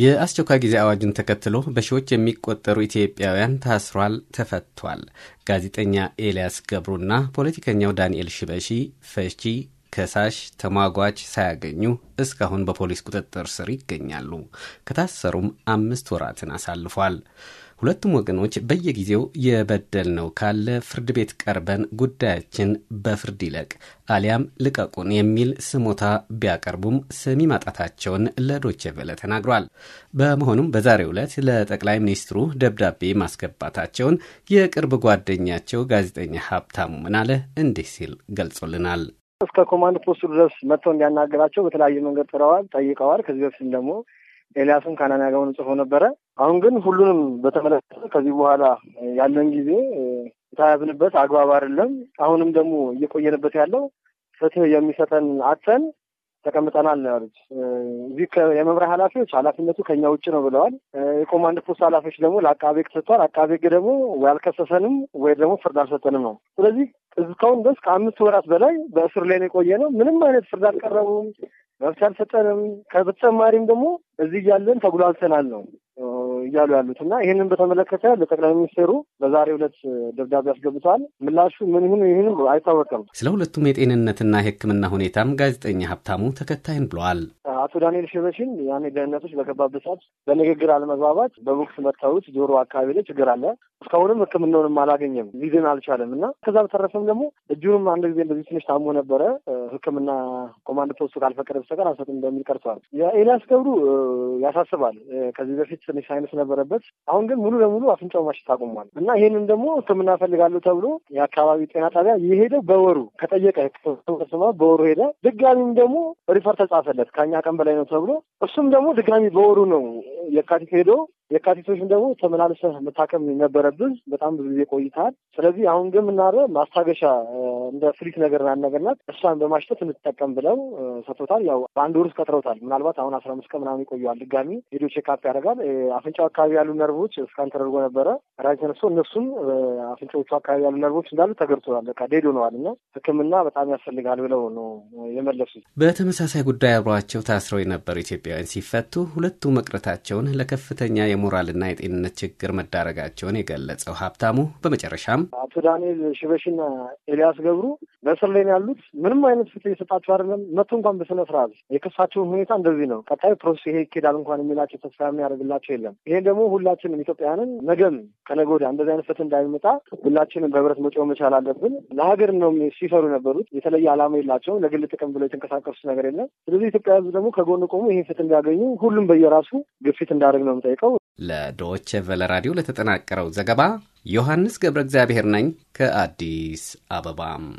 የአስቸኳይ ጊዜ አዋጁን ተከትሎ በሺዎች የሚቆጠሩ ኢትዮጵያውያን ታስሯል፣ ተፈቷል። ጋዜጠኛ ኤልያስ ገብሩና ፖለቲከኛው ዳንኤል ሽበሺ ፈቺ ከሳሽ ተሟጓች ሳያገኙ እስካሁን በፖሊስ ቁጥጥር ስር ይገኛሉ። ከታሰሩም አምስት ወራትን አሳልፏል። ሁለቱም ወገኖች በየጊዜው የበደል ነው ካለ ፍርድ ቤት ቀርበን ጉዳያችን በፍርድ ይለቅ አሊያም ልቀቁን የሚል ስሞታ ቢያቀርቡም ሰሚ ማጣታቸውን ለዶቼ ቬለ ተናግሯል። በመሆኑም በዛሬው ዕለት ለጠቅላይ ሚኒስትሩ ደብዳቤ ማስገባታቸውን የቅርብ ጓደኛቸው ጋዜጠኛ ሀብታሙ ምናለ እንዲህ ሲል ገልጾልናል። እስከ ኮማንድ ፖስቱ ድረስ መጥተው እንዲያናገራቸው በተለያየ መንገድ ጥረዋል፣ ጠይቀዋል። ከዚህ በፊትም ደግሞ ኤልያስም ካናን ጋውን ጽፎ ነበረ። አሁን ግን ሁሉንም በተመለከተ ከዚህ በኋላ ያለን ጊዜ የተያያዝንበት አግባብ አይደለም። አሁንም ደግሞ እየቆየንበት ያለው ፍትህ የሚሰጠን አተን ተቀምጠናል ነው ያሉት። እዚህ የመምሪያ ኃላፊዎች ኃላፊነቱ ከኛ ውጭ ነው ብለዋል። የኮማንድ ፖስት ኃላፊዎች ደግሞ ለአቃቤ ሕግ ሰጥቷል። አቃቤ ሕግ ደግሞ ወይ አልከሰሰንም ወይ ደግሞ ፍርድ አልሰጠንም ነው። ስለዚህ እስካሁን ድረስ ከአምስት ወራት በላይ በእስር ላይ ነው የቆየ ነው። ምንም አይነት ፍርድ አልቀረቡም፣ መብት አልሰጠንም። ከበተጨማሪም ደግሞ እዚህ እያለን ተጉላልተናል ነው እያሉ ያሉት እና ይህንን በተመለከተ ለጠቅላይ ሚኒስትሩ በዛሬ ሁለት ደብዳቤ አስገብተዋል። ምላሹ ምን ይሁን ይህንም አይታወቅም። ስለ ሁለቱም የጤንነትና የሕክምና ሁኔታም ጋዜጠኛ ሀብታሙ ተከታይን ብለዋል። አቶ ዳንኤል ሽበሽን ያኔ ደህንነቶች በገባበት ሰዓት በንግግር አለመግባባት በቦክስ መታወት ጆሮ አካባቢ ላይ ችግር አለ። እስካሁንም ሕክምናውንም አላገኘም ሊድን አልቻለም እና ከዛ በተረፈም ደግሞ እጁንም አንድ ጊዜ እንደዚህ ትንሽ ታሞ ነበረ። ሕክምና ኮማንድ ፖስቱ ካልፈቀደ በስተቀር አልሰጥም እንደሚል ቀርተዋል። የኤልያስ ገብሩ ያሳስባል። ከዚህ በፊት ትንሽ ሳይነስ ነበረበት። አሁን ግን ሙሉ ለሙሉ አፍንጫው ማሽት አቁሟል እና ይህንን ደግሞ ሕክምና ፈልጋለሁ ተብሎ የአካባቢ ጤና ጣቢያ የሄደው በወሩ ከጠየቀ በወሩ ሄደ። ድጋሚም ደግሞ ሪፈር ተጻፈለት ከኛ ቀን በላይ ነው ተብሎ እሱም ደግሞ ድጋሚ በወሩ ነው የካቲት ሄዶ የካቲቶችን ደግሞ ተመላልሰ መታከም ነበረብን። በጣም ብዙ ጊዜ ቆይታል። ስለዚህ አሁን ግን ምናረ ማስታገሻ እንደ ፍሪት ነገር ናነገርናት እሷን በማሽተት እንጠቀም ብለው ሰጥቶታል። ያው በአንድ ወር ውስጥ ቀጥረውታል። ምናልባት አሁን አስራ አምስት ቀን ምናምን ይቆየዋል። ድጋሚ ሄዶ ቼካፕ ያደርጋል። አፍንጫው አካባቢ ያሉ ነርቮች እስካን ተደርጎ ነበረ ራ ተነሶ እነሱም አፍንጫዎቹ አካባቢ ያሉ ነርቮች እንዳሉ ተገርቶታል። በቃ ዴድ ነዋል እና ሕክምና በጣም ያስፈልጋል ብለው ነው የመለሱት። በተመሳሳይ ጉዳይ አብረቸው ታስረው የነበሩ ኢትዮጵያውያን ሲፈቱ ሁለቱ መቅረታቸው መሆናቸውን ለከፍተኛ የሞራልና የጤንነት ችግር መዳረጋቸውን የገለጸው ሀብታሙ በመጨረሻም አቶ ዳንኤል ሽበሽና ኤልያስ ገብሩ በእስር ላይ ያሉት ምንም አይነት ፍትህ የሰጣቸው አይደለም። መቶ እንኳን በስነ ስርዓት የክሳቸውን ሁኔታ እንደዚህ ነው። ቀጣይ ፕሮሰስ ይሄ ይኬዳል እንኳን የሚላቸው ተስፋ የሚያደርግላቸው የለም። ይሄ ደግሞ ሁላችንም ኢትዮጵያውያንን ነገም ከነገ ወዲያ እንደዚህ አይነት ፍትህ እንዳይመጣ ሁላችንም በህብረት መጮህ መቻል አለብን። ለሀገር ነው ሲሰሩ የነበሩት። የተለየ አላማ የላቸውም። ለግል ጥቅም ብለው የተንቀሳቀሱት ነገር የለም። ስለዚህ ኢትዮጵያ ህዝብ ደግሞ ከጎን ቆሙ ይህን ፍትህ እንዲያገኙ ሁሉም በየራሱ ግፊት እንዳደርግ ነው የምጠይቀው። ለዶች ቨለ ራዲዮ ለተጠናቀረው ዘገባ ዮሐንስ ገብረ እግዚአብሔር ነኝ ከአዲስ አበባም